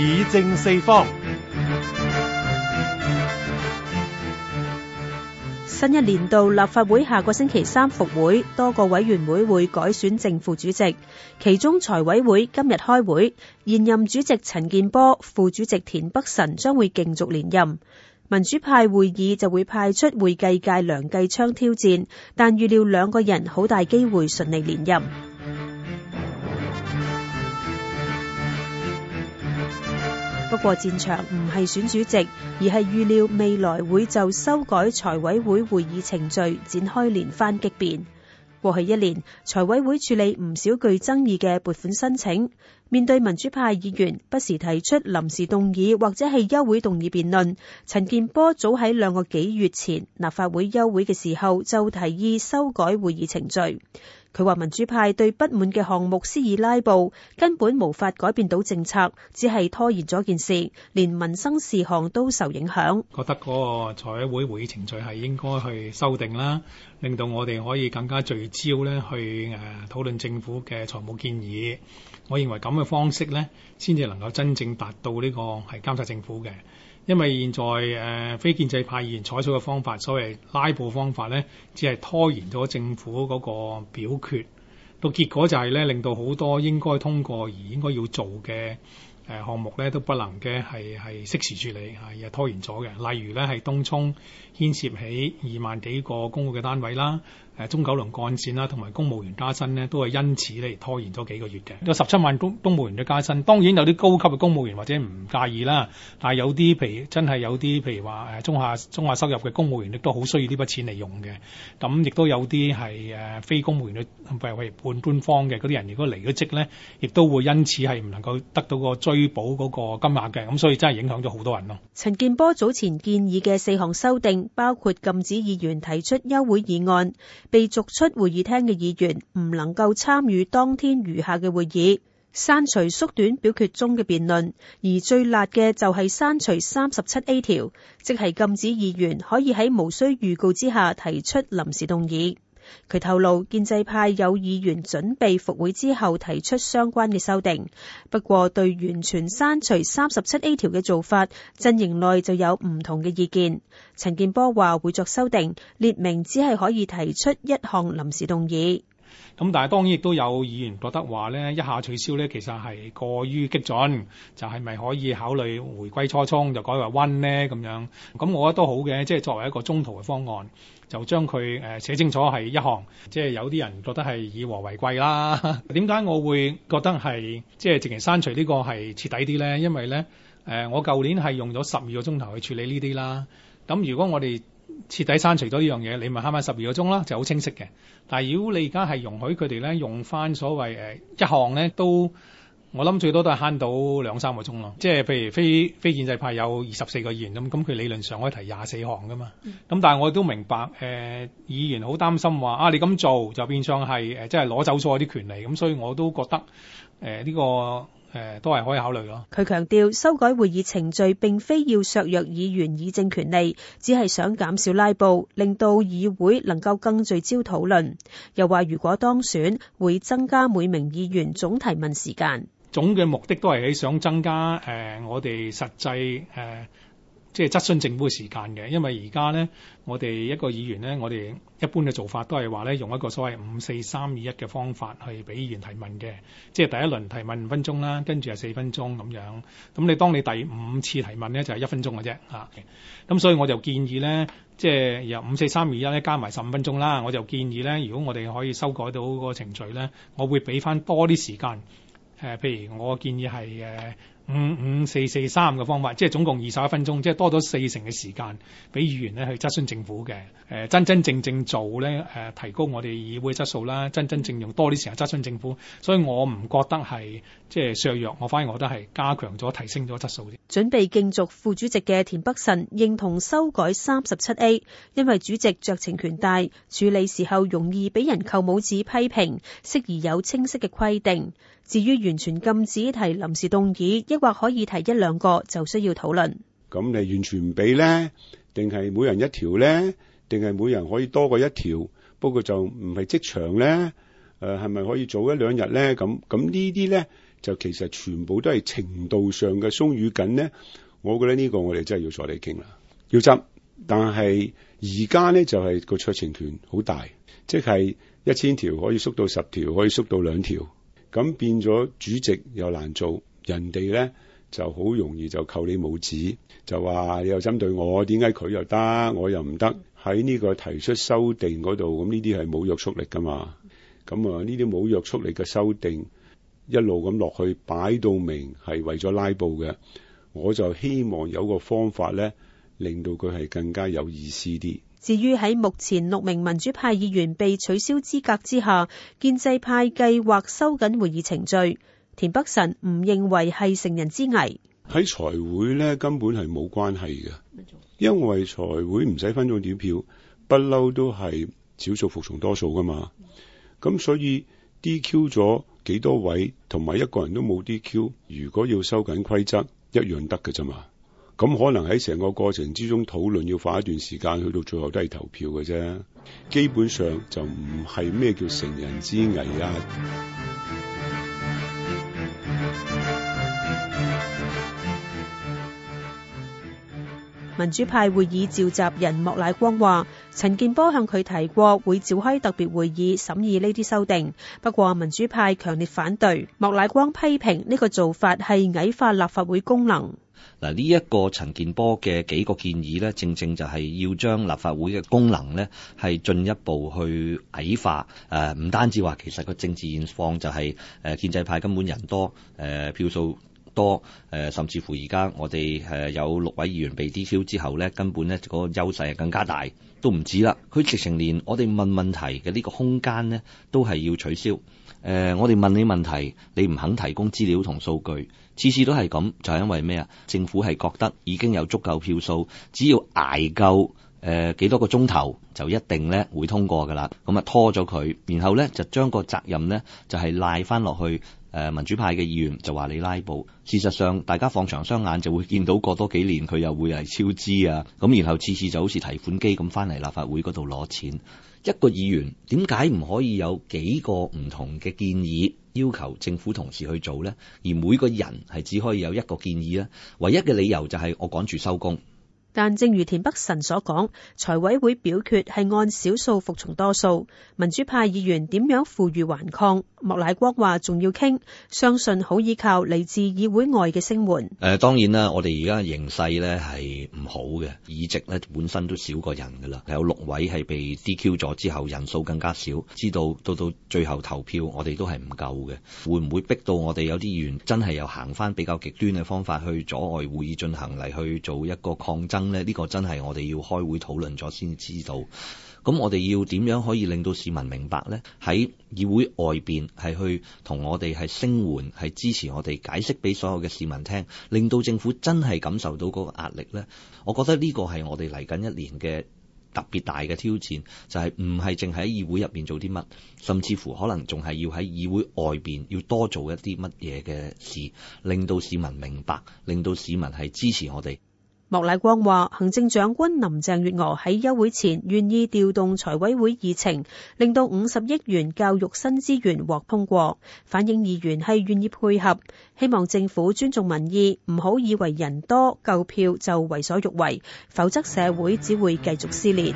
議政四方。新一年度立法會下個星期三復會，多個委員會會改選正副主席，其中財委會今日開會，現任主席陳健波、副主席田北辰將會競逐連任。民主派會議就會派出會計界梁繼昌挑戰，但預料兩個人好大機會順利連任。不過，戰場唔係選主席，而係預料未來會就修改財委會會議程序展開連番激辯。過去一年，財委會處理唔少具爭議嘅撥款申請，面對民主派議員不時提出臨時動議或者係休會動議辯論。陳健波早喺兩個幾月前立法會休會嘅時候就提議修改會議程序。佢話民主派對不滿嘅項目施以拉布，根本無法改變到政策，只係拖延咗件事，連民生事項都受影響。覺得嗰個財委會會議程序係應該去修訂啦，令到我哋可以更加聚焦咧去誒討論政府嘅財務建議。我認為咁嘅方式咧，先至能夠真正達到呢個係監察政府嘅。因為現在，呃、非建制派議員採取嘅方法，所謂拉布方法咧，只係拖延咗政府嗰個表決，個結果就係咧令到好多應該通過而應該要做嘅，呃、項目咧都不能嘅係適時處理，係拖延咗嘅。例如咧係東涌牽涉起二萬幾個公屋嘅單位啦。中九龍幹線啦，同埋公務員加薪呢，都係因此咧拖延咗幾個月嘅。有十七萬公公務員嘅加薪，當然有啲高級嘅公務員或者唔介意啦，但有啲譬如真係有啲譬如話中下中下收入嘅公務員，亦都好需要呢筆錢嚟用嘅。咁亦都有啲係非公務員嘅，譬如半官方嘅嗰啲人，如果離咗職呢，亦都會因此係唔能夠得到個追補嗰個金額嘅。咁所以真係影響咗好多人咯。陳健波早前建議嘅四項修訂，包括禁止議員提出休會議案。被逐出會議廳嘅議員唔能夠參與當天餘下嘅會議，刪除縮短表決中嘅辯論，而最辣嘅就係刪除三十七 A 條，即係禁止議員可以喺無需預告之下提出臨時動議。佢透露，建制派有議員準備復會之後提出相關嘅修訂。不過，對完全刪除三十七 A 條嘅做法，陣營內就有唔同嘅意見。陳健波話會作修訂，列明只係可以提出一項臨時動議。咁但係當然亦都有議員覺得話，咧一下取消咧，其實係過於激進，就係咪可以考慮回歸初衷就改為温呢？咁樣？咁我覺得都好嘅，即係作為一個中途嘅方案，就將佢誒寫清楚係一項，即係有啲人覺得係以和為貴啦。點解我會覺得係即係直情刪除呢個係徹底啲咧？因為咧誒我舊年係用咗十二個鐘頭去處理呢啲啦。咁如果我哋徹底刪除咗呢樣嘢，你咪慳翻十二個鐘啦，就好清晰嘅。但係如果你而家係容許佢哋咧用翻所謂、呃、一項咧，都我諗最多都係慳到兩三個鐘咯。即係譬如非非建制派有二十四個議員咁，咁佢理論上可以提廿四項噶嘛。咁、嗯、但係我都明白誒、呃、議員好擔心話啊，你咁做就變相係即係攞走咗啲權利咁、嗯，所以我都覺得呢、呃呢個。誒都係可以考慮咯。佢強調修改會議程序並非要削弱議員議政權利，只係想減少拉布，令到議會能夠更聚焦討論。又話如果當選，會增加每名議員總提問時間，總嘅目的都係喺想增加誒、呃、我哋實際誒。呃即係質詢政府嘅時間嘅，因為而家呢，我哋一個議員呢，我哋一般嘅做法都係話呢，用一個所謂五四三二一嘅方法去俾議員提問嘅，即係第一輪提問五分鐘啦，跟住係四分鐘咁樣。咁你當你第五次提問呢，就係、是、一分鐘嘅啫嚇。咁所以我就建議呢，即係由五四三二一咧加埋十五分鐘啦。我就建議呢，如果我哋可以修改到個程序呢，我會俾翻多啲時間。誒、呃，譬如我建議係誒。五五四四三嘅方法，即係總共二十一分鐘，即係多咗四成嘅時間俾議員咧去質詢政府嘅。誒，真真正正做咧，誒提高我哋議會質素啦，真真正用多啲時間質詢政府，所以我唔覺得係即係削弱，我反而覺得係加強咗、提升咗質素。準備競逐副主席嘅田北辰認同修改三十七 A，因為主席酌情權大，處理時候容易俾人扣帽子批評，適宜有清晰嘅規定。至於完全禁止提臨時動議，或可以提一兩個，就需要討論，咁你完全唔俾咧？定係每人一條咧？定係每人可以多過一條？不過就唔係即場咧，誒、呃，係咪可以早一兩日咧？咁咁呢啲咧，就其實全部都係程度上嘅鬆與緊咧。我覺得呢個我哋真係要再嚟傾啦，要執。但係而家咧就係、是、個酌情權好大，即、就、係、是、一千條可以縮到十條，可以縮到兩條，咁變咗主席又難做。人哋呢就好容易就扣你帽子，就話你又針對我，點解佢又得，我又唔得？喺呢個提出修訂嗰度，咁呢啲係冇約束力噶嘛？咁啊，呢啲冇約束力嘅修訂，一路咁落去擺到明係為咗拉布嘅。我就希望有個方法呢，令到佢係更加有意思啲。至於喺目前六名民主派議員被取消資格之下，建制派計劃收緊會議程序。田北辰唔認為係乘人之危，喺財會呢根本係冇關係嘅，因為財會唔使分組點票，不嬲都係少數服從多數噶嘛，咁所以 DQ 咗幾多位同埋一個人都冇 DQ，如果要收緊規則，一樣得㗎啫嘛，咁可能喺成個過程之中討論要花一段時間，去到最後都係投票嘅啫，基本上就唔係咩叫乘人之危啊。民主派會議召集人莫乃光話，陳健波向佢提過會召開特別會議審議呢啲修訂，不過民主派強烈反對。莫乃光批評呢個做法係矮化立法會功能。嗱，呢一個陳健波嘅幾個建議呢，正正就係要將立法會嘅功能呢，係進一步去矮化。誒，唔單止話其實個政治現況就係誒建制派根本人多，誒票數，多誒，甚至乎而家我哋誒有六位議員被 DQ 之後咧，根本咧嗰個優勢係更加大，都唔止啦。佢直情連我哋問問題嘅呢個空間咧，都係要取消。呃，我哋問你問題，你唔肯提供資料同數據，次次都係咁，就係因為咩啊？政府係覺得已經有足夠票數，只要挨夠。誒幾、呃、多個鐘頭就一定咧會通過㗎啦，咁啊拖咗佢，然後咧就將個責任咧就係、是、賴翻落去、呃、民主派嘅議員就話你拉布，事實上大家放長雙眼就會見到過多幾年佢又會係超支啊，咁然後次次就好似提款機咁翻嚟立法會嗰度攞錢，一個議員點解唔可以有幾個唔同嘅建議要求政府同時去做呢？而每個人係只可以有一個建議啊！唯一嘅理由就係我趕住收工。但正如田北辰所講，財委會表決係按少數服從多數，民主派議員點樣負隅頑抗？莫乃光話仲要傾，相信好依靠嚟自議會外嘅聲援。誒，當然啦，我哋而家形勢咧係唔好嘅，議席咧本身都少過人噶啦，有六位係被 DQ 咗之後，人數更加少。知道到到最後投票，我哋都係唔夠嘅，會唔會逼到我哋有啲議員真係又行翻比較極端嘅方法去阻礙會議進行嚟去做一個抗爭？呢個真係我哋要開會討論咗先知道，咁我哋要點樣可以令到市民明白呢？喺議會外面係去同我哋係聲援，係支持我哋解釋俾所有嘅市民聽，令到政府真係感受到嗰個壓力呢？我覺得呢個係我哋嚟緊一年嘅特別大嘅挑戰，就係唔係淨喺議會入面做啲乜，甚至乎可能仲係要喺議會外面要多做一啲乜嘢嘅事，令到市民明白，令到市民係支持我哋。莫乃光話，行政長官林鄭月娥喺休會前願意調動財委會議程，令到五十億元教育新資源獲通過，反映議員係願意配合。希望政府尊重民意，唔好以為人多夠票就為所欲為，否則社會只會繼續撕裂。